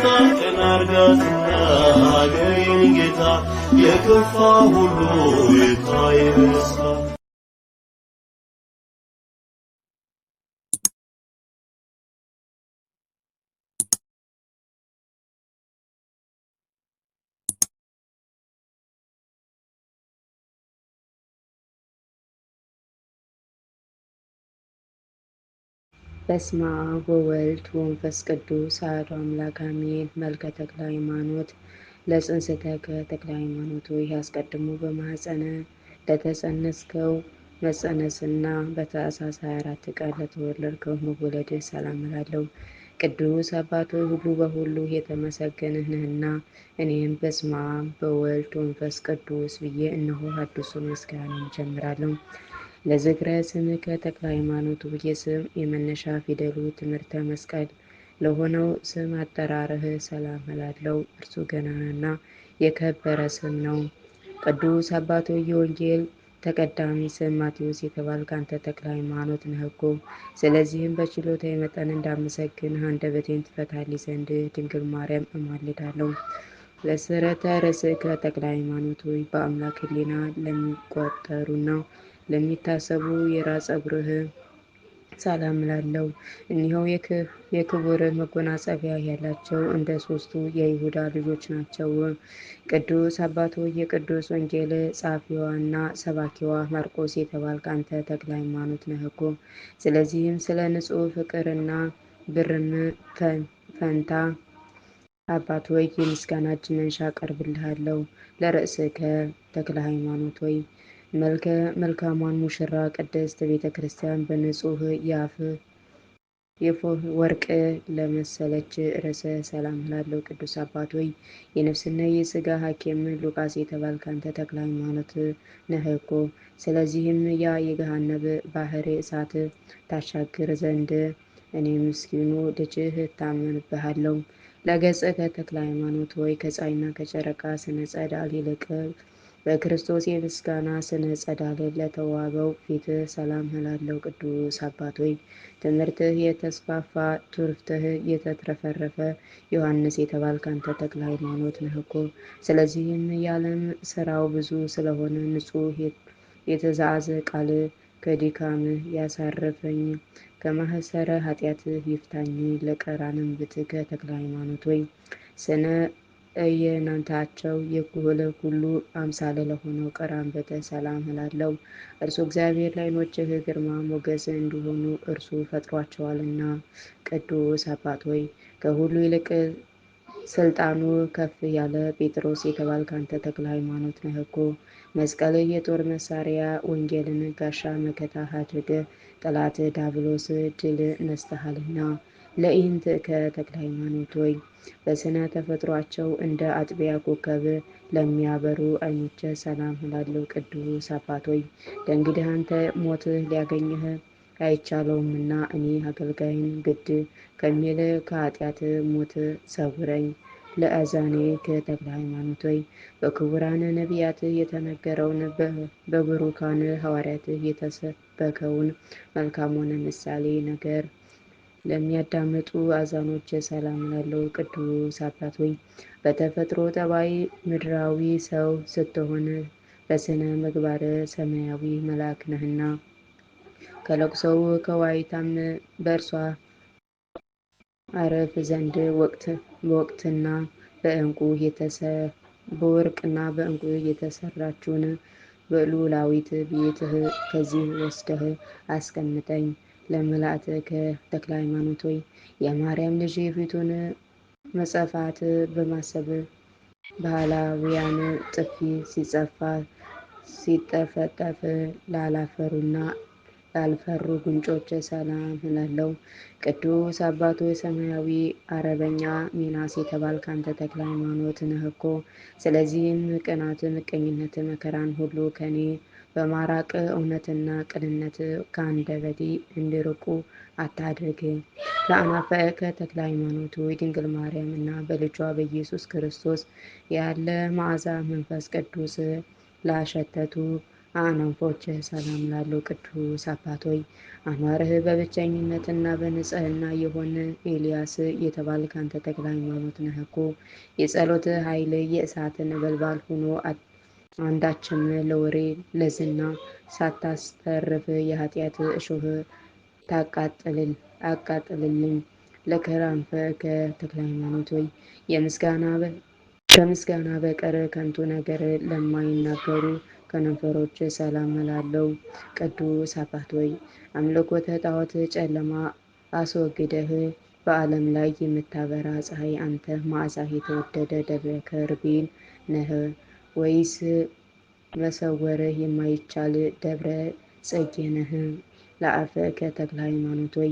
ቀን አርጋ ስናገኝ ጌታ የከፋ ሁሉ ይታይ በስመ አብ ወወልድ ወመንፈስ ቅዱስ አሐዱ አምላክ አሜን። መልከ ተክለ ሃይማኖት ለጽንሰተከ ተክለ ሃይማኖት ሆይ አስቀድሞ በማኅፀነ ለተጸነስከው መጸነስና በታኅሳስ 24 ቀን ለተወለድከው መወለድ ሰላም እላለሁ። ቅዱስ አባቶ ሁሉ በሁሉ የተመሰገንህ ነህና እኔም በስመ አብ በወልድ ወመንፈስ ቅዱስ ብዬ እነሆ አዲሱን ምስጋና እጀምራለሁ። ለዝክረ ስምከ ተክለ ሃይማኖት የስም ስም የመነሻ ፊደሉ ትምህርተ መስቀል ለሆነው ስም አጠራርህ ሰላም እላለሁ። እርሱ ገናናና የከበረ ስም ነው። ቅዱስ አባቶ የወንጌል ተቀዳሚ ስም ማቴዎስ የተባልክ አንተ ተክለ ሃይማኖት ነህ እኮ። ስለዚህም በችሎታ መጠን እንዳመሰግን አንደበቴን ትፈታልኝ ዘንድ ድንግል ማርያም እማልዳለሁ። ለስረተ ርእስከ ተክለ ሃይማኖት ወይ በአምላክ ሕሊና ለሚቆጠሩና ለሚታሰቡ የራስ ጸጉርህ ሰላም ላለው እኒኸው የክቡር መጎናጸፊያ ያላቸው እንደ ሶስቱ የይሁዳ ልጆች ናቸው። ቅዱስ አባቶ የቅዱስ ወንጌል ጻፊዋና ሰባኪዋ ማርቆስ የተባልክ አንተ ተክለ ሃይማኖት ነህ እኮ። ስለዚህም ስለ ንጹሕ ፍቅርና ብርም ፈንታ አባት ወይ የምስጋና እጅ መንሻ አቀርብልሃለሁ። ለርእስከ ተክለ ሃይማኖት ወይ መልከ መልካሟን ሙሽራ ቅድስት ቤተ ክርስቲያን በንጹህ የአፍ ወርቅ ለመሰለች ርዕሰ ሰላም ላለው ቅዱስ አባት ወይ የነፍስና የሥጋ ሐኪም ሉቃስ የተባልክ አንተ ተክለ ሃይማኖት ነህ እኮ። ስለዚህም ያ የገሃነብ ባህር እሳት ታሻግር ዘንድ እኔ ምስኪኑ ልጅህ እታመንብሃለሁ። ለገጽ ከተክለ ሃይማኖት ወይ ከፀሐይና ከጨረቃ ስነ ጸዳል ይልቅ በክርስቶስ የምስጋና ስነ ጸዳል ለተዋበው ፊትህ ሰላም እላለሁ። ቅዱስ አባት ሆይ ትምህርትህ የተስፋፋ ቱርፍትህ የተትረፈረፈ ዮሐንስ የተባልክ አንተ ተክለ ሃይማኖት ነህ እኮ። ስለዚህም የዓለም ስራው ብዙ ስለሆነ ንጹህ የተዛዘ ቃል ከድካምህ ያሳረፈኝ ከማህሰረ ኃጢአትህ ይፍታኝ። ለቀራንም ብትከ ተክለ ሃይማኖት ወይ ስነ የእናንታቸው የኩህለ ሁሉ አምሳለ ለሆነው ቀራንበተ ሰላም እላለሁ። እርሱ እግዚአብሔር ላይ ኖችህ ግርማ ሞገስ እንዲሆኑ እርሱ ፈጥሯቸዋልና። ቅዱስ አባት ሆይ ከሁሉ ይልቅ ስልጣኑ ከፍ ያለ ጴጥሮስ የተባልክ አንተ ተክለ ሃይማኖት ነህ እኮ። መስቀል የጦር መሳሪያ፣ ወንጌልን ጋሻ መከታ አድርገህ ጠላት ዳብሎስ ድል ነስተሃልና ለኢንት ከተክለ ሃይማኖት በስነ ተፈጥሯቸው እንደ አጥቢያ ኮከብ ለሚያበሩ አይኖች ሰላም ላለው ቅዱስ አባት ወይ ለእንግዲህ አንተ ሞት ሊያገኝህ እና እኔ አገልጋይን ግድ ከሚል ከኃጢአት ሞት ሰውረኝ። ለአዛኔ ከተክለ ሃይማኖት ሆይ በክቡራን ነቢያት የተነገረውን በብሩካን ሐዋርያት የተሰበከውን መልካሙን ምሳሌ ነገር ለሚያዳምጡ አዛኖች ሰላም ላለው ቅዱስ አባት ሆይ በተፈጥሮ ጠባይ ምድራዊ ሰው ስትሆን በስነ ምግባር ሰማያዊ መልአክ ነህና ከለቅሶው ከዋይታም በእርሷ አረፍ ዘንድ በወቅትና በእንቁ በወርቅና በእንቁ የተሰራችውን በሉላዊት ቤትህ ከዚህ ወስደህ አስቀምጠኝ። ለመላእክት ተክለ ሃይማኖት ሆይ የማርያም ልጅ የፊቱን መጸፋት በማሰብ ባህላዊያን ጥፊ ሲጸፋ ሲጠፈጠፍ ላላፈሩና ላልፈሩ ጉንጮች ሰላም እላለሁ። ቅዱስ አባቶ የሰማያዊ አረበኛ ሚናስ የተባልክ አንተ ተክለ ሃይማኖት ነህ እኮ። ስለዚህም ቅናት፣ ምቀኝነት፣ መከራን ሁሉ ከኔ በማራቅ እውነትና ቅንነት ከአንደበቴ እንዲርቁ አታድርግ። ለአናፈቀ ተክለ ሃይማኖቱ የድንግል ማርያም እና በልጇ በኢየሱስ ክርስቶስ ያለ መዓዛ መንፈስ ቅዱስ ላሸተቱ አናንፎች ሰላም ላለው ቅዱስ አባቶይ አኗርህ በብቸኝነትና በንጽህና የሆነ ኤልያስ የተባልክ አንተ ተክለ ሃይማኖት ነህ እኮ የጸሎት ኃይል የእሳትን በልባል ሆኖ አንዳችም ለወሬ ለዝና ሳታስተርፍ የኃጢአት እሾህ አቃጥልልኝ። ለከራንፈ ከተክለ ሃይማኖት ሆይ ከምስጋና በቀር ከንቱ ነገር ለማይናገሩ ከንፈሮች ሰላም እላለሁ። ቅዱስ አባት ወይ አምልኮተ ጣዖት ጨለማ አስወግደህ በዓለም ላይ የምታበራ ፀሐይ አንተ ማዕዛህ የተወደደ ደብረ ከርቤን ነህ። ወይስ መሰወርህ የማይቻል ደብረ ጸጌ ነህ? ለአፈ ከተክለ ሃይማኖት ወይ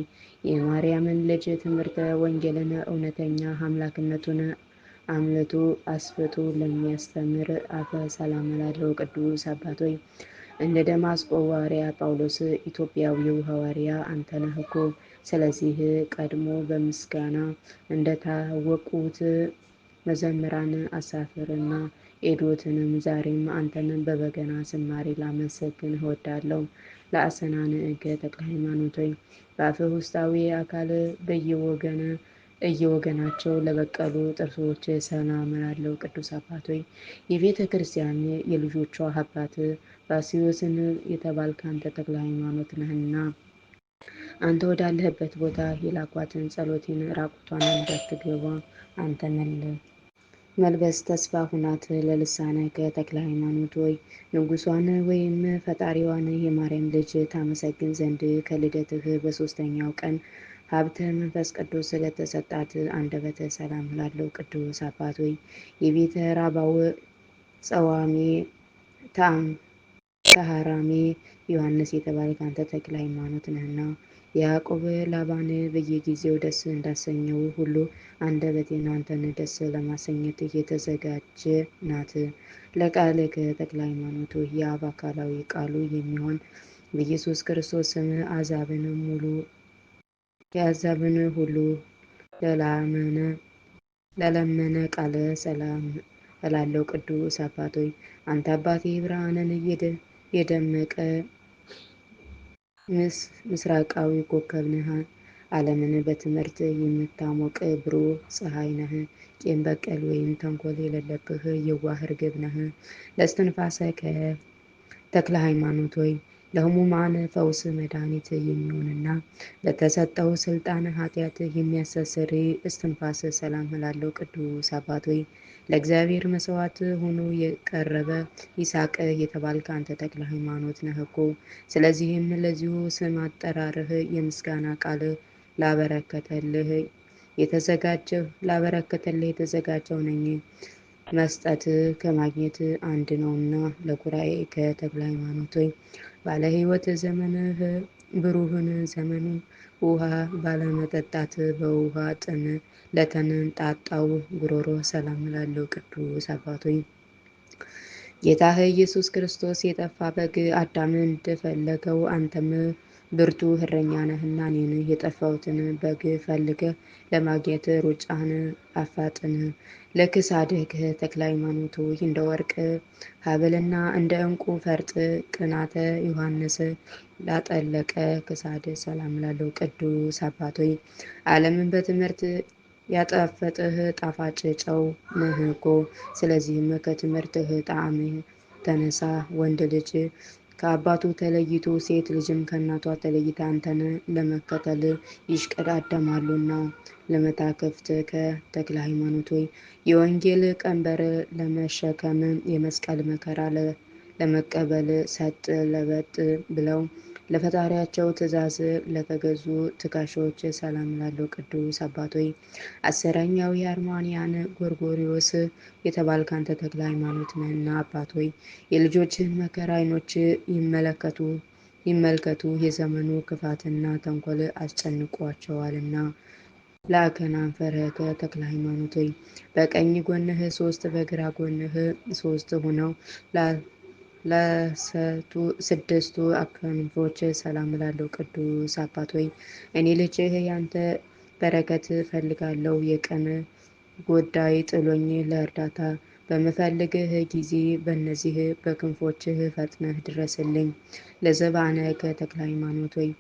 የማርያምን ልጅ ትምህርተ ወንጌልን እውነተኛ አምላክነቱን አምልቶ አስፍቶ ለሚያስተምር አፈ ሰላም ላለው ቅዱስ አባት ወይ እንደ ደማስቆ ሐዋርያ ጳውሎስ ኢትዮጵያዊው ሐዋርያ አንተ ነህ እኮ። ስለዚህ ቀድሞ በምስጋና እንደታወቁት መዘምራን አሳፍርና ኤዶትንም ዛሬም አንተንም በበገና ዝማሬ ላመሰግን እወዳለሁ። ለአሰናንእከ ተክለ ሃይማኖት ሆይ በአፍህ ውስጣዊ አካል በየወገነ እየወገናቸው ለበቀሉ ጥርሶች ሰላም እላለሁ። ቅዱስ አባት ሆይ የቤተ ክርስቲያን የልጆቿ አባት ባሲዮስን የተባልክ አንተ ተክለ ሃይማኖት ነህና አንተ ወዳለህበት ቦታ የላኳትን ጸሎቴን ራቁቷን እንዳትገባ አንተ መልህ መልበስ ተስፋ ሁናት ለልሳነከ ተክለ ሃይማኖት ወይ ንጉሷን ወይም ፈጣሪዋን የማርያም ልጅ ታመሰግን ዘንድ ከልደትህ በሶስተኛው ቀን ሀብተ መንፈስ ቅዱስ ስለተሰጣት አንደበተ ሰላም ላለው ቅዱስ አባት ወይ የቤተ ራባው ጸዋሚ ተአም ተሃራሜ ዮሐንስ የተባለ ካንተ ተክለ ሃይማኖት ነህና ያዕቆብ ላባን በየጊዜው ደስ እንዳሰኘው ሁሉ አንደበቴን አንተን ደስ ለማሰኘት እየተዘጋጀ ናት። ለቃል ተክለ ሃይማኖቱ የአብ አካላዊ ቃሉ የሚሆን በኢየሱስ ክርስቶስ ስም አዛብን ሙሉ የአዛብን ሁሉ ለላመነ ለለመነ ቃለ ሰላም እላለው ቅዱስ አባቶይ አንተ አባቴ ብርሃንን የደመቀ ምስራቃዊ ኮከብ ነህ። ዓለምን በትምህርት የምታሞቅ ብሩህ ፀሐይ ነህ። ቂም በቀል ወይም ተንኮል የሌለብህ የዋህ ርግብ ነህ። ለእስትንፋሰ ተክለ ሃይማኖት ወይ ለህሙማን ፈውስ መድኃኒት የሚሆንና በተሰጠው ስልጣን ኃጢአት የሚያሳስር እስትንፋስ ሰላም እላለሁ። ቅዱስ አባት ወይ ለእግዚአብሔር መስዋዕት ሆኖ የቀረበ ይስሐቅ የተባልክ አንተ ተክለ ሃይማኖት ነህ እኮ። ስለዚህም ለዚሁ ስም አጠራርህ የምስጋና ቃል ላበረከተልህ የተዘጋጀው ላበረከተልህ የተዘጋጀው ነኝ መስጠት ከማግኘት አንድ ነውና ለጉራኤ ከተክለ ሃይማኖት ባለ ህይወት ዘመንህ ብሩህን ዘመኑ ውሃ ባለመጠጣት በውሃ ጥም ለተንጣጣው ጉሮሮ ሰላም ላለው ቅዱስ አባት ሆይ ጌታህ ኢየሱስ ክርስቶስ የጠፋ በግ አዳምን እንደፈለገው አንተም ብርቱ እረኛ ነህና እኔን የጠፋሁትን በግ ፈልገ ለማግኘት ሩጫህን አፋጥን። ለክሳድህ ተክለ ሃይማኖት ሆይ እንደ ወርቅ ሀብልና እንደ ዕንቁ ፈርጥ ቅናተ ዮሐንስ ላጠለቀ ክሳድ ሰላም ላለው ቅዱስ አባቶ ሆይ ዓለምን በትምህርት ያጣፈጥህ ጣፋጭ ጨው ነህ እኮ። ስለዚህም ከትምህርትህ ጣዕም ተነሳ ወንድ ልጅ ከአባቱ ተለይቶ ሴት ልጅም ከእናቷ ተለይታ አንተን ለመከተል ይሽቀዳደማሉና ለመታከፍት ከተክለ ሃይማኖት ወይ የወንጌል ቀንበር ለመሸከም የመስቀል መከራ ለመቀበል ሰጥ ለበጥ ብለው ለፈጣሪያቸው ትእዛዝ ለተገዙ ትካሾች ሰላም ላለው ቅዱስ አባቶይ አስረኛው የአርማንያን ጎርጎሪዎስ የተባልክ አንተ ተክለ ሃይማኖት ነህና አባቶይ የልጆችህን መከራ አይኖች ይመለከቱ ይመልከቱ የዘመኑ ክፋትና ተንኮል አስጨንቋቸዋልና። ለአከናን ፈረከ ተክለ ሃይማኖት በቀኝ ጎንህ ሶስት በግራ ጎንህ ሶስት ሆነው ለስድስቱ አክንፎች ሰላም ላለው ቅዱስ አባት ወይ እኔ ልጅህ ያንተ በረከት ፈልጋለሁ። የቀን ጉዳይ ጥሎኝ ለእርዳታ በምፈልግህ ጊዜ በእነዚህ በክንፎችህ ፈጥነህ ድረስልኝ። ለዘባነ ተክለ ሃይማኖት ወይ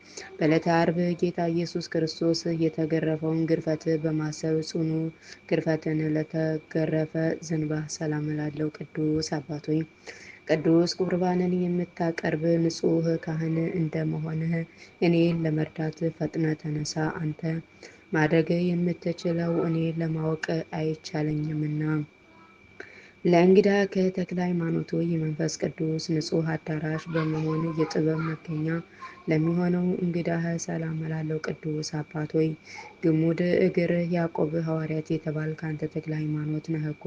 በዕለተ ዓርብ ጌታ ኢየሱስ ክርስቶስ የተገረፈውን ግርፈት በማሰብ ጽኑ ግርፈትን ለተገረፈ ዝንባ ሰላም ላለው ቅዱስ አባት ወይ። ቅዱስ ቁርባንን የምታቀርብ ንጹህ ካህን እንደመሆንህ እኔን ለመርዳት ፈጥነ ተነሳ። አንተ ማድረግ የምትችለው እኔ ለማወቅ አይቻለኝምና። ለእንግዳ ከተክለ ሃይማኖቱ የመንፈስ ቅዱስ ንጹህ አዳራሽ በመሆን የጥበብ መገኛ ለሚሆነው እንግዳህ ሰላም እላለሁ። ቅዱስ አባት ሆይ ግሙድ እግር ያዕቆብ ሐዋርያት የተባል ከአንተ ተክለ ሃይማኖት ነህኮ።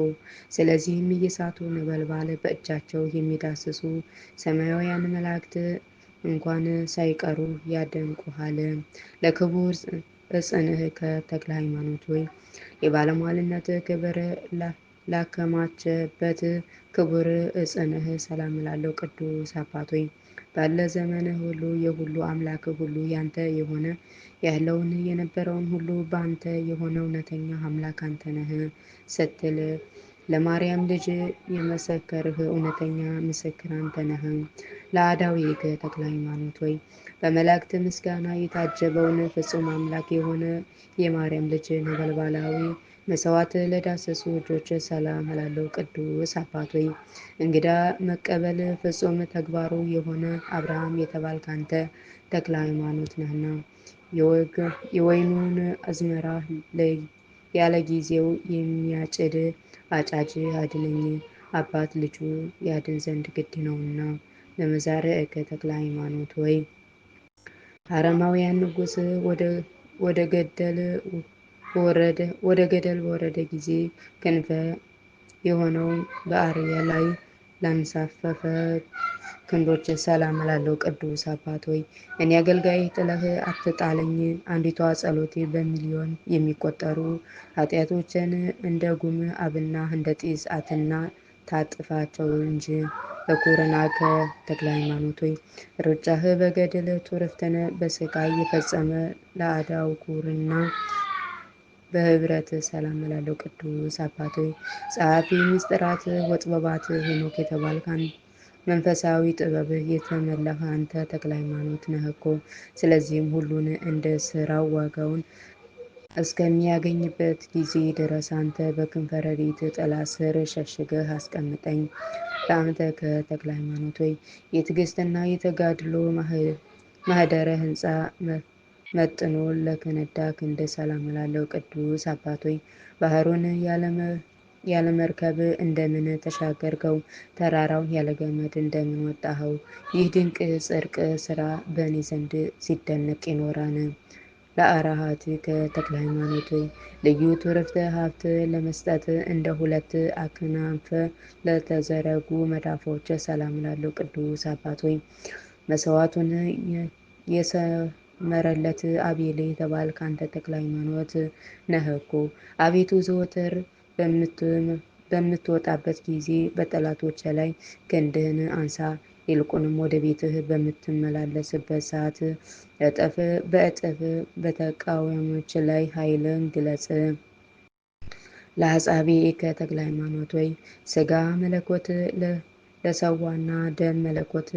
ስለዚህም እየሳቱ ነበልባል በእጃቸው የሚዳስሱ ሰማያውያን መላእክት እንኳን ሳይቀሩ ያደንቁሃል። ለክቡር እጽንህ ከተክለ ሃይማኖት ሆይ የባለሟልነት ክብር ላከማቸበት ክቡር እጽንህ ሰላም ላለው ቅዱስ አባት ሆይ ባለ ዘመን ሁሉ የሁሉ አምላክ ሁሉ ያንተ የሆነ ያለውን የነበረውን ሁሉ በአንተ የሆነ እውነተኛ አምላክ አንተ ነህ ስትል ለማርያም ልጅ የመሰከርህ እውነተኛ ምስክር አንተ ነህ። ግ ተክለ ሃይማኖት ወይ በመላእክት ምስጋና የታጀበውን ፍጹም አምላክ የሆነ የማርያም ልጅ ነበልባላዊ መስዋዕት ለዳሰሱ እጆች ሰላም ላለው ቅዱስ አባት ሆይ እንግዳ መቀበል ፍጹም ተግባሩ የሆነ አብርሃም የተባልክ አንተ ተክለ ሃይማኖት ነህና የወይኑን አዝመራ ያለ ጊዜው የሚያጭድ አጫጅ አድነኝ አባት ልጁ ያድን ዘንድ ግድ ነውና እከ ተክለ ሃይማኖት ወይ አረማውያን ንጉሥ ወደ ገደል ወደ ገደል በወረደ ጊዜ ክንፈ የሆነው በአህያ ላይ ላንሳፈፈ ክንዶች ሰላም ላለው ቅዱስ አባት ሆይ እኔ አገልጋይ ጥለህ አትጣለኝ። አንዲቷ ጸሎቴ በሚሊዮን የሚቆጠሩ ኃጢአቶችን እንደ ጉም አብና እንደ ጢስ አትና ታጥፋቸው እንጂ። በኩርናከ ተክለ ሃይማኖት ሆይ ሩጫህ በገድል ቱርፍትን በስቃይ የፈጸመ ለአዳው ኩርና በህብረት ሰላም ላለው ቅዱስ አባት ጸሐፊ ምስጢራት ወጥበባት ሄኖክ የተባልክ መንፈሳዊ ጥበብ የተመላህ አንተ ተክለ ሃይማኖት ነህ እኮ። ስለዚህም ሁሉን እንደ ስራው ዋጋውን እስከሚያገኝበት ጊዜ ድረስ አንተ በክንፈረሪት ጥላ ስር ሸሽገህ አስቀምጠኝ። በአንተ ከተክለ ሃይማኖት ወይ የትዕግስትና የተጋድሎ ማህደረ ህንፃ መጥኖ ለከነዳ እንደ ሰላም ላለው ቅዱስ አባቶይ ባህሩን ያለመርከብ እንደምን ተሻገርከው? ተራራው ያለገመድ እንደምን ወጣኸው? ይህ ድንቅ ጽድቅ ስራ በእኔ ዘንድ ሲደነቅ ይኖራን። ለአራሃት ከተክለ ሃይማኖት ልዩ ትርፍተ ሀብት ለመስጠት እንደ ሁለት አክናንፈ ለተዘረጉ መዳፎች ሰላም ላለው ቅዱስ አባት ወይ መስዋዕቱን መረለት አቤሌ የተባል ካንተ ተክለ ሃይማኖት ነህ እኮ አቤቱ ዘወትር በምትወጣበት ጊዜ በጠላቶች ላይ ክንድህን አንሳ። ይልቁንም ወደ ቤትህ በምትመላለስበት ሰዓት እጥፍ በእጥፍ በተቃዋሚዎች ላይ ኃይልን ግለጽ። ለአጻቢ ከተክለ ሃይማኖት ወይ ስጋ መለኮት ለሰዋና ደም መለኮት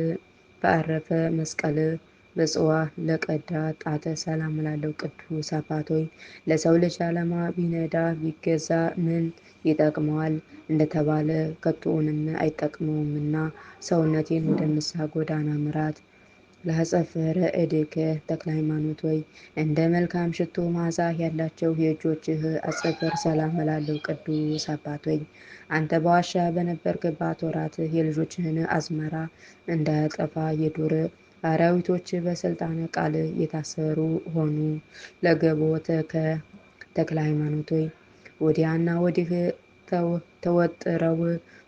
በአረፈ መስቀል ምጽዋ ለቀዳ ጣተ ሰላም ላለው ቅዱስ አባት ሆይ ለሰው ልጅ አለማ ቢነዳ ቢገዛ ምን ይጠቅመዋል እንደተባለ ከቶውንም አይጠቅመውምና ሰውነቴን ወደ ንስሐ ጎዳና ምራት። ለአጸፈረ እድከ ተክለ ሃይማኖት እንደ መልካም ሽቶ ማዛ ያላቸው የእጆችህ አጸፈር ሰላም ላለው ቅዱስ አባት ወይ አንተ በዋሻ በነበርክባት ወራት የልጆችህን አዝመራ እንዳያጠፋ የዱር አራዊቶች በስልጣነ ቃል የታሰሩ ሆኑ። ለገቦተ ከተክለ ሃይማኖት ወዲያ ወዲያና ወዲህ ተወጥረው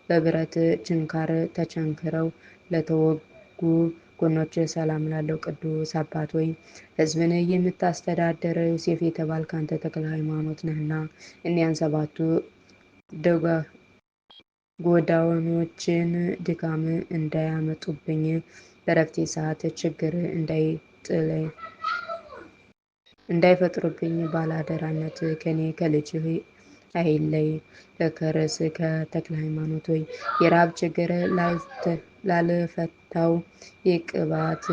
በብረት ችንካር ተቸንክረው ለተወጉ ጎኖች ሰላም ላለው ቅዱስ አባት ህዝብን ሕዝብን የምታስተዳደር ዮሴፍ የተባልክ አንተ ተክለ ሃይማኖት ነህና እኒያን ሰባቱ ጎዳኖችን ድካም እንዳያመጡብኝ በረፍቴ ሰዓት ችግር እንዳይጥለኝ እንዳይፈጥሩብኝ ባላደራነት ከኔ ከልጅ አይለይ። ከከርስ ከተክለ ሃይማኖት ወይ የራብ ችግር ላልፈታው ይቅባት።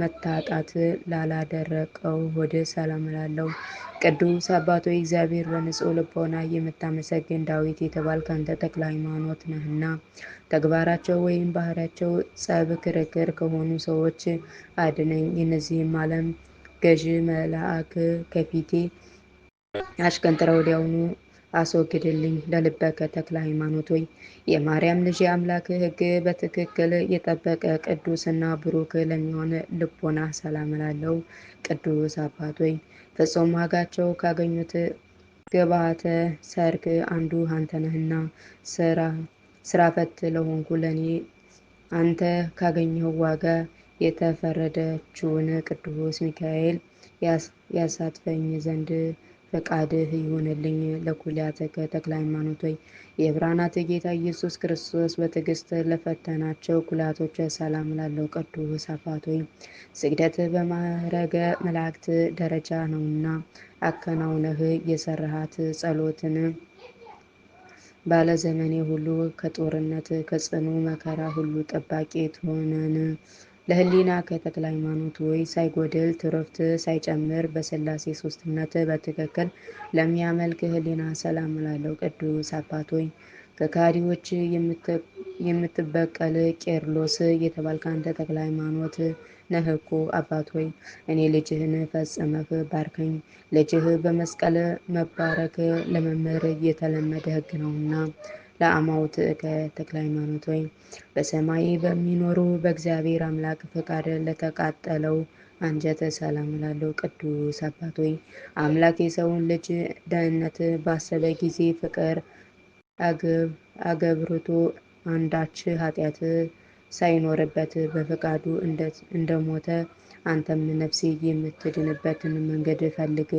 መታጣት ላላደረቀው ወደ ሰላም ላለው ቅዱስ አባቶ እግዚአብሔር በንጹሕ ልቦና የምታመሰግን ዳዊት የተባልክ አንተ ተክለ ሃይማኖት ነህና ተግባራቸው ወይም ባህሪያቸው ጸብ፣ ክርክር ከሆኑ ሰዎች አድነኝ። የነዚህም ዓለም ገዢ መልአክ ከፊቴ አሽቀንጥረው ወዲያውኑ አስወግድልኝ። ለልበከ ተክለ ሃይማኖት ሆይ የማርያም ልጅ አምላክ ሕግ በትክክል የጠበቀ ቅዱስና ብሩክ ለሚሆን ልቦና ሰላም ላለው ቅዱስ አባት ሆይ ፍጹም ዋጋቸው ካገኙት ግብአተ ሰርክ አንዱ አንተ ነህና ስራ ስራ ፈት ለሆንኩ ለእኔ አንተ ካገኘው ዋጋ የተፈረደችውን ቅዱስ ሚካኤል ያሳትፈኝ ዘንድ ፈቃድህ ይሆንልኝ። ለኩልያተከ ተክለ ሃይማኖት ሆይ የብርሃናት ጌታ ኢየሱስ ክርስቶስ በትዕግስት ለፈተናቸው ኩላቶች ሰላም ላለው ቅዱስ አባት ሆይ ስግደትህ መላእክት ደረጃ ነውና አከናውነህ የሰራሃት ጸሎትን ባለ ዘመኔ ሁሉ ከጦርነት ከጽኑ መከራ ሁሉ ጠባቂ ትሆነን ለህሊና ከተክለ ሃይማኖት ወይ ሳይጎድል ትሩፍት ሳይጨምር በስላሴ ሶስትነት በትክክል ለሚያመልክ ህሊና ሰላም ላለው ቅዱስ አባት ከካዲዎች የምትበቀል ቄርሎስ የተባልክ አንተ ተክለ ሃይማኖት ነህኮ። አባት ሆይ እኔ ልጅህን ፈጽመህ ባርከኝ። ልጅህ በመስቀል መባረክ ለመምህር የተለመደ ህግ ነውና ለአማውት ተክለ ሃይማኖት ወይ በሰማይ በሚኖሩ በእግዚአብሔር አምላክ ፈቃድ ለተቃጠለው አንጀተ ሰላም ላለው ቅዱስ አባት ወይ አምላክ የሰውን ልጅ ደህንነት ባሰበ ጊዜ ፍቅር አገብርቶ አንዳች ኃጢአት ሳይኖርበት በፈቃዱ እንደሞተ አንተም ነፍሴ የምትድንበትን መንገድ ፈልግ።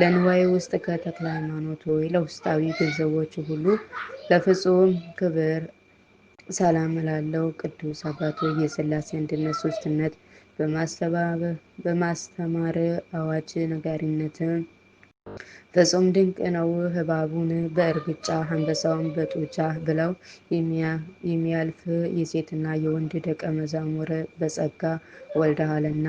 ለንዋይ ውስጥ ከተክለ ሃይማኖት ወይ ለውስጣዊ ገንዘቦች ሁሉ ለፍጹም ክብር ሰላም ላለው ቅዱስ አባቶ የስላሴ አንድነት ሶስትነት በማስተማር አዋጅ ነጋሪነትን ፍጹም ድንቅ ነው። ህባቡን በእርግጫ አንበሳውን በጡጫ ብለው የሚያልፍ የሴትና የወንድ ደቀ መዛሙር በጸጋ ወልደሃልና።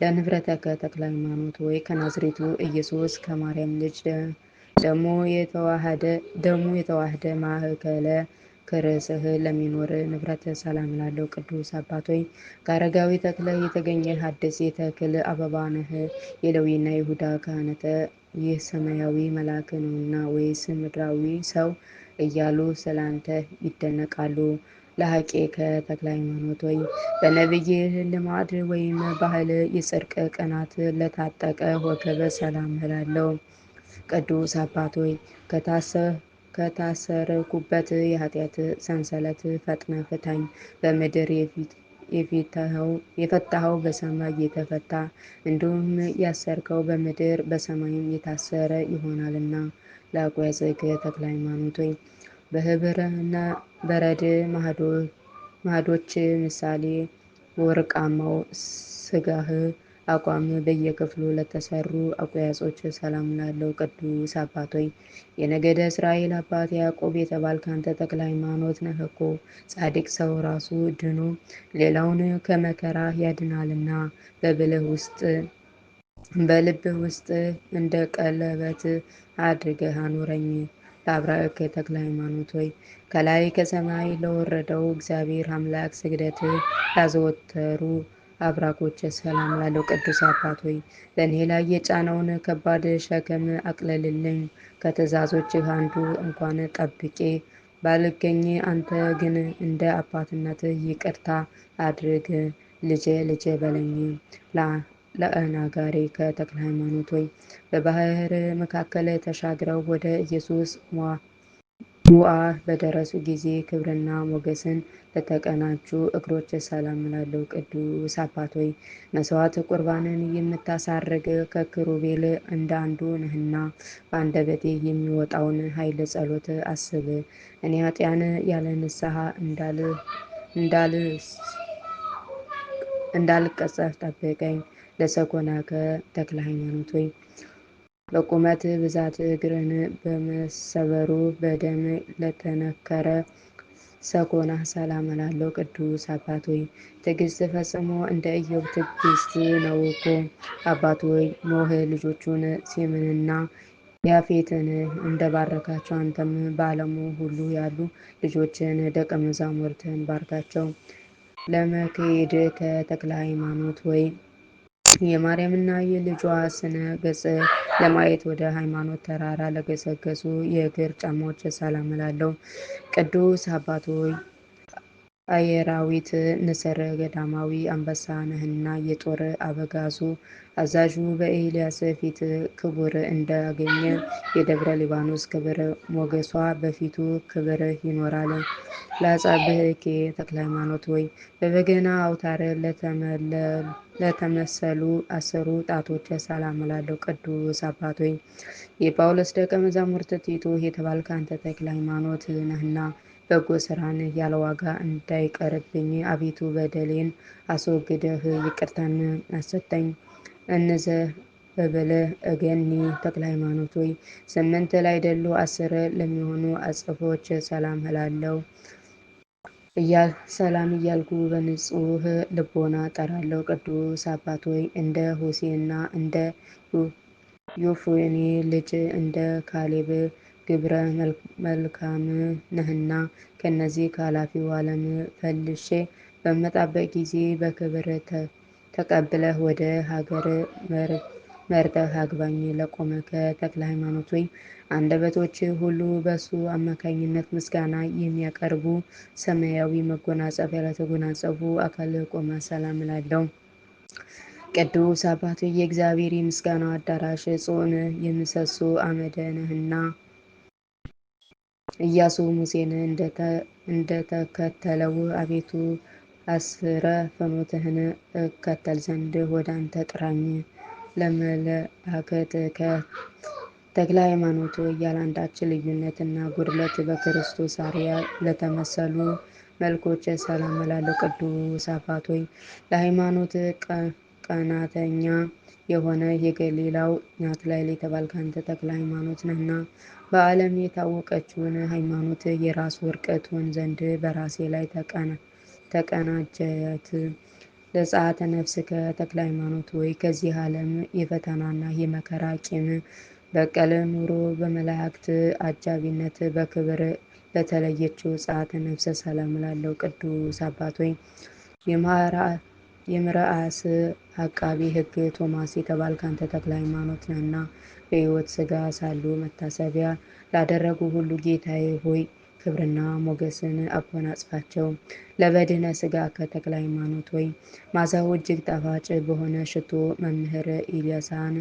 ለንብረተ ከተክለ ሃይማኖት ወይ ከናዝሬቱ ኢየሱስ ከማርያም ልጅ ደሞ የተዋህደ ማዕከለ ክርስህ ለሚኖር ንብረት ሰላም ላለው ቅዱስ አባቶይ ከአረጋዊ ተክለ የተገኘ ሐዲስ የተክል አበባ ነህ የሌዊና ይሁዳ ካህነተ። ይህ ሰማያዊ መልአክ ነውና ወይስ ምድራዊ ሰው እያሉ ስላንተ ይደነቃሉ። ለሐቄ ከተክለ ሃይማኖት ወይ በነቢይህ ልማድ ወይም ባህል የጽድቅ ቀናት ለታጠቀ ወገበ ሰላም እላለሁ። ቅዱስ አባት ሆይ ከታሰርኩበት የኃጢአት ሰንሰለት ፈጥነ ፍታኝ። በምድር የፊት የፈታኸው በሰማይ የተፈታ እንዲሁም ያሰርከው በምድር በሰማይም የታሰረ ይሆናልና። ላቁ ያጸገ ተክለ ሃይማኖት ሆይ በህብረና በረድ ማህዶች ምሳሌ ወርቃማው ስጋህ አቋም በየክፍሉ ለተሰሩ አቆያጾች ሰላም ላለው ቅዱስ አባት ሆይ የነገደ እስራኤል አባት ያዕቆብ የተባልክ አንተ ተክለ ሃይማኖት ነህ እኮ ጻድቅ ሰው ራሱ ድኖ ሌላውን ከመከራ ያድናልና በብልህ ውስጥ በልብህ ውስጥ እንደ ቀለበት አድርገህ አኑረኝ። ለአብራክ ተክለ ሃይማኖት ሆይ ከላይ ከሰማይ ለወረደው እግዚአብሔር አምላክ ስግደት ያዘወተሩ አብራኮች ሰላም ላለው ቅዱስ አባት ሆይ በእኔ ላይ የጫነውን ከባድ ሸክም አቅለልልኝ። ከትእዛዞች አንዱ እንኳን ጠብቄ ባልገኝ፣ አንተ ግን እንደ አባትነት ይቅርታ አድርግ። ልጄ ልጄ በለኝ። ለአናጋሪ ከተክለ ሃይማኖት ሆይ በባህር መካከል ተሻግረው ወደ ኢየሱስ ሙአ በደረሱ ጊዜ ክብርና ሞገስን ለተቀናጁ እግሮች ሰላም እላለሁ። ቅዱስ አባት ሆይ መስዋዕት ቁርባንን የምታሳርግ ከክሩቤል እንደ አንዱ ነህና በአንደበቴ የሚወጣውን ኃይል ጸሎት አስብ። እኔ ኃጢያን ያለ ንስሐ እንዳልቀጸፍ ጠብቀኝ። ለሰኮናከ ተክለ ሃይማኖት ሆይ በቁመት ብዛት እግርን በመሰበሩ በደም ለተነከረ ሰኮና ሰላም እላለሁ። ቅዱስ አባት ሆይ ትዕግስት ፈጽሞ እንደ ኢዮብ ትዕግስት ነው እኮ። አባት ሆይ ኖህ ልጆቹን ሴምንና ያፌትን እንደባረካቸው አንተም በዓለሙ ሁሉ ያሉ ልጆችን ደቀ መዛሙርትን ባርካቸው። ለመክሄድ ከተክለ ሃይማኖት ወይ የማርያምና የልጇ ስነ ገጽ ለማየት ወደ ሃይማኖት ተራራ ለገሰገሱ የእግር ጫማዎች ሰላም እላለሁ። ቅዱስ አባቶ ሆይ አየራዊት ንስር ገዳማዊ አንበሳ ነህና የጦር አበጋዙ አዛዡ በኤልያስ ፊት ክቡር እንዳገኘ የደብረ ሊባኖስ ክብር ሞገሷ በፊቱ ክብር ይኖራል። ለአጻብሕኬ ተክለ ሃይማኖት ወይ በበገና አውታር ለተመለሉ ለተመሰሉ አስሩ ጣቶች ሰላም እላለሁ። ቅዱስ አባት ሆይ የጳውሎስ ደቀ መዛሙርት ቲቶ የተባልክ አንተ ተክለ ሃይማኖት ነህና በጎ ስራን ያለ ዋጋ እንዳይቀርብኝ አቤቱ በደሌን አስወግደህ ይቅርታን አሰጠኝ። እነዘ በበለ እገኒ ተክለ ሃይማኖት ሆይ ስምንት ላይ አስር ለሚሆኑ አጽፎች ሰላም እላለሁ። ሰላም እያልኩ በንጹህ ልቦና ጠራለው። ቅዱስ አባት ሆይ እንደ ሆሴና እንደ ዮፎኔ ልጅ እንደ ካሌብ ግብረ መልካም ነህና ከነዚህ ከኃላፊው ዓለም ፈልሼ በመጣበት ጊዜ በክብር ተቀብለህ ወደ ሀገር መርጠህ አግባኝ። ለቆመ ከተክለ ሃይማኖት ወይም አንደበቶች ሁሉ በሱ አማካኝነት ምስጋና የሚያቀርቡ ሰማያዊ መጎናጸፊያ ለተጎናጸፉ አካል ቆማ ሰላም እላለሁ። ቅዱስ አባት የእግዚአብሔር የምስጋናው አዳራሽ ጽዮን የምሰሶ አመደ ነህና ኢያሱ ሙሴን እንደተከተለው አቤቱ አስረ ፈኖትህን እከተል ዘንድ ወደ አንተ ጥራኝ ለመላእክት ተክለ ሃይማኖት ሆይ ያላንዳችን ልዩነትና ጉድለት በክርስቶስ አርያ ለተመሰሉ መልኮች ሰላም እላለሁ። ቅዱስ አባት ሆይ ለሃይማኖት ቀናተኛ የሆነ የገሊላው ናትናኤል የተባልክ አንተ ተክለ ሃይማኖት ነህና በዓለም የታወቀችውን ሃይማኖት የራስ ወርቅ ትሆን ዘንድ በራሴ ላይ ተቀናጀት። ለጸአተ ነፍስ ከተክለ ሃይማኖት ወይ ከዚህ ዓለም የፈተናና የመከራ ቂም በቀለ ኑሮ በመላእክት አጃቢነት በክብር ለተለየችው ሰዓት ነፍሰ ሰላም ላለው ቅዱስ አባት ወይ የምርአስ አቃቢ ሕግ ቶማስ የተባልክ አንተ ተክለ ሃይማኖት ነህና በሕይወት ሥጋ ሳሉ መታሰቢያ ላደረጉ ሁሉ ጌታዬ ሆይ ክብርና ሞገስን አጎናጽፋቸው። ለበድነ ሥጋ ከተክለ ሃይማኖት ሆይ ማዛው እጅግ ጣፋጭ በሆነ ሽቶ መምህር ኢልያሳን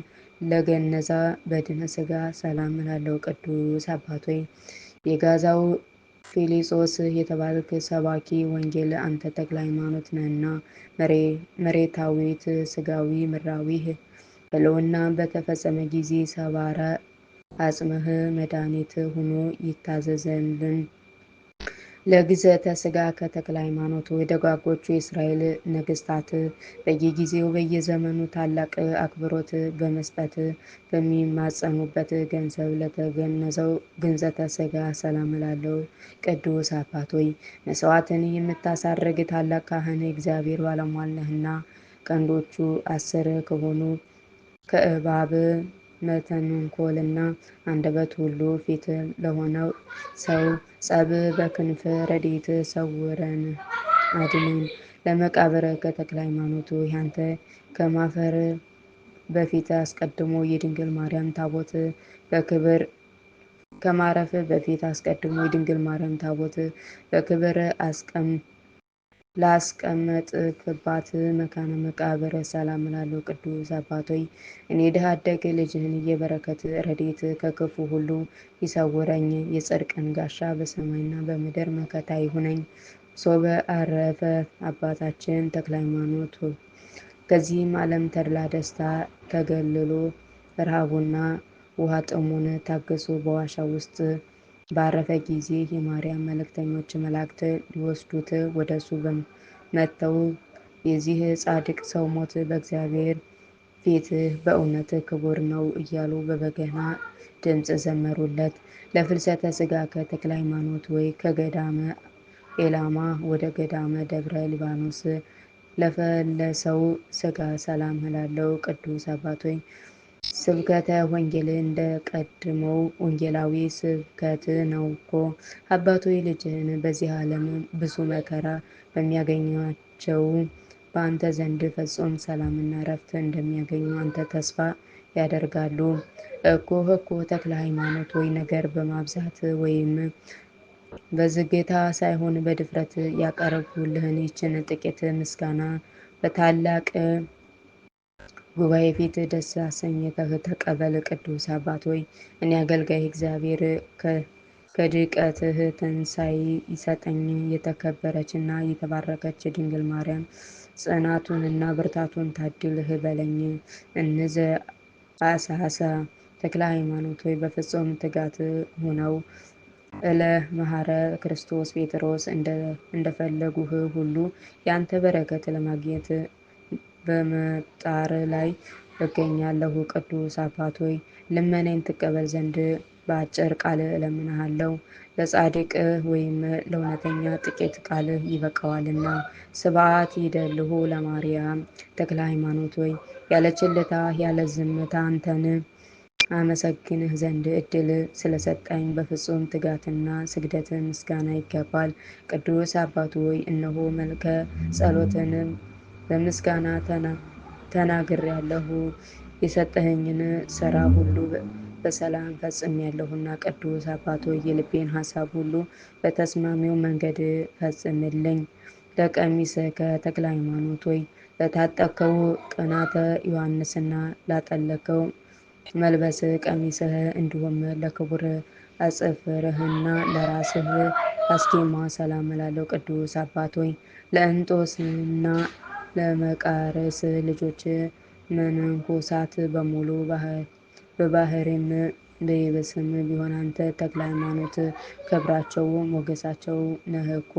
ለገነዛ በድነ ስጋ ሰላም ላለው ቅዱስ አባት ሆይ የጋዛው ፊሊጾስ የተባልክ ሰባኪ ወንጌል አንተ ተክለ ሃይማኖት ነህና መሬታዊት ስጋዊ ምድራዊ ህልውና በተፈጸመ ጊዜ ሰባረ አጽምህ መድኃኒት ሆኖ ይታዘዘልን ለግዘተ ስጋ ከተክለ ሃይማኖቱ የደጋጎቹ የእስራኤል ነገስታት በየጊዜው በየዘመኑ ታላቅ አክብሮት በመስጠት በሚማጸኑበት ገንዘብ ለተገነዘው ግንዘተ ስጋ ሰላም ላለው ቅዱስ አባቶይ መስዋዕትን የምታሳርግ ታላቅ ካህን እግዚአብሔር ባለሟል ቀንዶቹ አስር ከሆኑ ከእባብ መተንኮልና አንደበት ሁሉ ፊት ለሆነው ሰው ጸብ በክንፍ ረድኤት ሰውረን አድነን። ለመቃብር ከተክለ ሃይማኖቱ ያንተ ከማፈር በፊት አስቀድሞ የድንግል ማርያም ታቦት በክብር ከማረፍ በፊት አስቀድሞ የድንግል ማርያም ታቦት በክብር አስቀም ላስቀመጥክባት መካነ መቃብር ሰላም ላለው ቅዱስ አባቶይ እኔ ድሃ አደግ ልጅህን እየበረከት ረዴት ከክፉ ሁሉ ይሰውረኝ። የጽድቅን ጋሻ በሰማይና በምድር መከታ ይሁነኝ። ሶበ አረፈ አባታችን ተክለ ሃይማኖት ከዚህም ዓለም ተድላ ደስታ ተገልሎ ረሃቡና ውሃ ጥሙን ታግሶ በዋሻ ውስጥ ባረፈ ጊዜ የማርያም መልእክተኞች መላእክት ሊወስዱት ወደ እሱ መጥተው የዚህ ጻድቅ ሰው ሞት በእግዚአብሔር ፊት በእውነት ክቡር ነው እያሉ በበገና ድምፅ ዘመሩለት። ለፍልሰተ ስጋ ከተክለ ሃይማኖት ወይ ከገዳመ ኤላማ ወደ ገዳመ ደብረ ሊባኖስ ለፈለሰው ስጋ ሰላም እላለው ቅዱስ አባቶይ ስብከተ ወንጌል እንደ ቀድሞው ወንጌላዊ ስብከት ነው እኮ። አባቶ ልጅህን በዚህ ዓለም ብዙ መከራ በሚያገኛቸው በአንተ ዘንድ ፍጹም ሰላምና እረፍት እንደሚያገኙ አንተ ተስፋ ያደርጋሉ። እኮ እኮ ተክለ ሃይማኖት ወይ ነገር በማብዛት ወይም በዝግታ ሳይሆን በድፍረት ያቀረብሁልህን ይችን ጥቂት ምስጋና በታላቅ ጉባኤ ፊት ደስ አሰኝተህ ተቀበል። ቅዱስ አባት ሆይ እኔ አገልጋይ እግዚአብሔር ከድቀትህ ትንሣኤ ይሰጠኝ። የተከበረችና የተባረከች ድንግል ማርያም ጽናቱንና ብርታቱን ታድልህ በለኝ። እንዘ አሳሳ ተክለ ሃይማኖት ሆይ በፍጹም ትጋት ሆነው እለ መሐረ ክርስቶስ ጴጥሮስ እንደፈለጉህ ሁሉ ያንተ በረከት ለማግኘት በመጣር ላይ እገኛለሁ። ቅዱስ አባት ሆይ ልመናዬን ትቀበል ዘንድ በአጭር ቃል እለምንሃለሁ። ለጻድቅ ወይም ለእውነተኛ ጥቂት ቃል ይበቃዋልና። ስብዓት ይደልሁ ለማርያም ተክለ ሃይማኖት ሆይ ያለ ችልታ ያለ ዝምታ አንተን አመሰግንህ ዘንድ እድል ስለሰጠኝ በፍጹም ትጋትና ስግደት ምስጋና ይገባል። ቅዱስ አባት ሆይ እነሆ መልከ ጸሎትንም በምስጋና ተናግር ያለሁ የሰጠኸኝን ስራ ሁሉ በሰላም ፈጽም ፈጽሜያለሁና ቅዱስ አባቶ የልቤን ሀሳብ ሁሉ በተስማሚው መንገድ ፈጽምልኝ። ለቀሚስ ተክለ ሃይማኖት ለታጠከው ለታጠቅከው ቅናተ ዮሐንስና ላጠለቀው መልበስ ቀሚስህ እንዲሁም ለክቡር አጽፍርህና ለራስህ አስኬማ ሰላም እላለሁ። ቅዱስ አባት ሆይ ለእንጦስና ለመቃረስ ልጆች መነኮሳት በሙሉ በባህርም በየበስም ቢሆን አንተ ተክለ ሃይማኖት ክብራቸው ሞገሳቸው ነህ እኮ።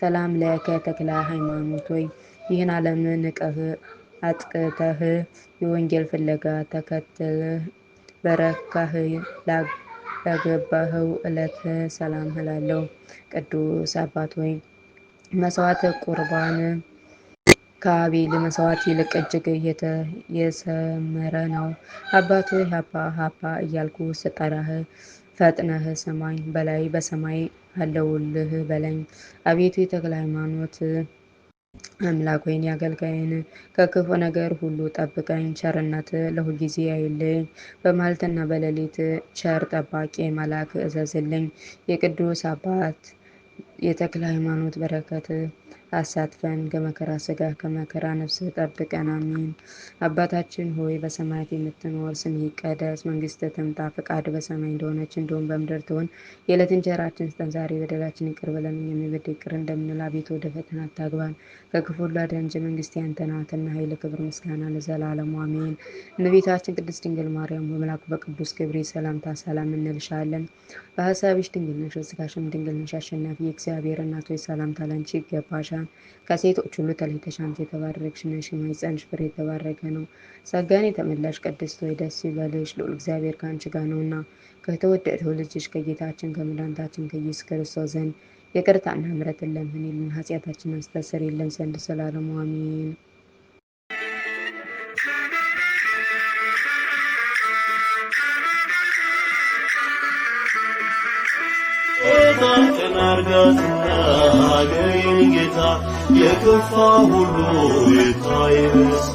ሰላም ለከ ተክለ ሃይማኖት ወይ ይህን ዓለም ንቀህ አጥቅተህ የወንጌል ፍለጋ ተከትል በረካህ ላገባኸው ዕለት ሰላም እላለሁ። ቅዱስ አባት ወይ መስዋዕት ቁርባን ከአቤል መስዋዕት ይልቅ እጅግ የሰመረ ነው። አባት ሆይ ሀባ እያልኩ ስጠራህ ፈጥነህ ስማኝ፣ በላይ በሰማይ አለውልህ በለኝ። አቤቱ የተክለ ሃይማኖት አምላክ ወይን ያገልጋይን ከክፉ ነገር ሁሉ ጠብቀኝ። ቸርነት ለሁልጊዜ አይልኝ በማልትና በሌሊት ቸር ጠባቂ መላክ እዘዝልኝ። የቅዱስ አባት የተክለ ሃይማኖት በረከት አሳትፈን ከመከራ ስጋ ከመከራ ነፍስ ጠብቀን፣ አሜን። አባታችን ሆይ በሰማያት የምትኖር ስምህ ይቀደስ፣ መንግሥትህ ትምጣ፣ ፈቃድ በሰማይ እንደሆነች እንዲሁም በምድር ትሁን። የዕለት እንጀራችንን ስጠን ዛሬ፣ በደላችን ይቅር በለን የምንበድል ይቅር እንደምንል፣ አቤቱ ወደ ፈተና አታግባን፣ ከክፉ ሁሉ አድነን እንጂ መንግሥትህ ያንተ ናትና፣ ኃይል፣ ክብር፣ ምስጋና ለዘላለሙ አሜን። እመቤታችን ቅድስት ድንግል ማርያም በመልአኩ በቅዱስ ገብርኤል ሰላምታ ሰላም እንልሻለን። በሐሳብሽ ድንግል ነሽ፣ በሥጋሽም ድንግል ነሽ። አሸናፊ የእግዚአብሔር እናት ሆይ ሰላምታ ላንቺ ይገባል። ነፋሻም ከሴቶች ሁሉ ተለይተሽ አንቺ የተባረክሽ ነሽ፣ የማኅፀንሽ ፍሬ የተባረከ ነው። ጸጋን የተመላሽ ቅድስት ሆይ ደስ ይበልሽ፣ ልዑል እግዚአብሔር ከአንቺ ጋር ነውና ከተወደደው ልጅሽ ከጌታችን ከመድኃኒታችን ከኢየሱስ ክርስቶስ ዘንድ ይቅርታና ምሕረትን ለምኚልን፣ ኃጢአታችንን አስተሰርይልን ዘንድ ስላለሙ አሜን። Oh, የክፋ ሁሉ ይታይስ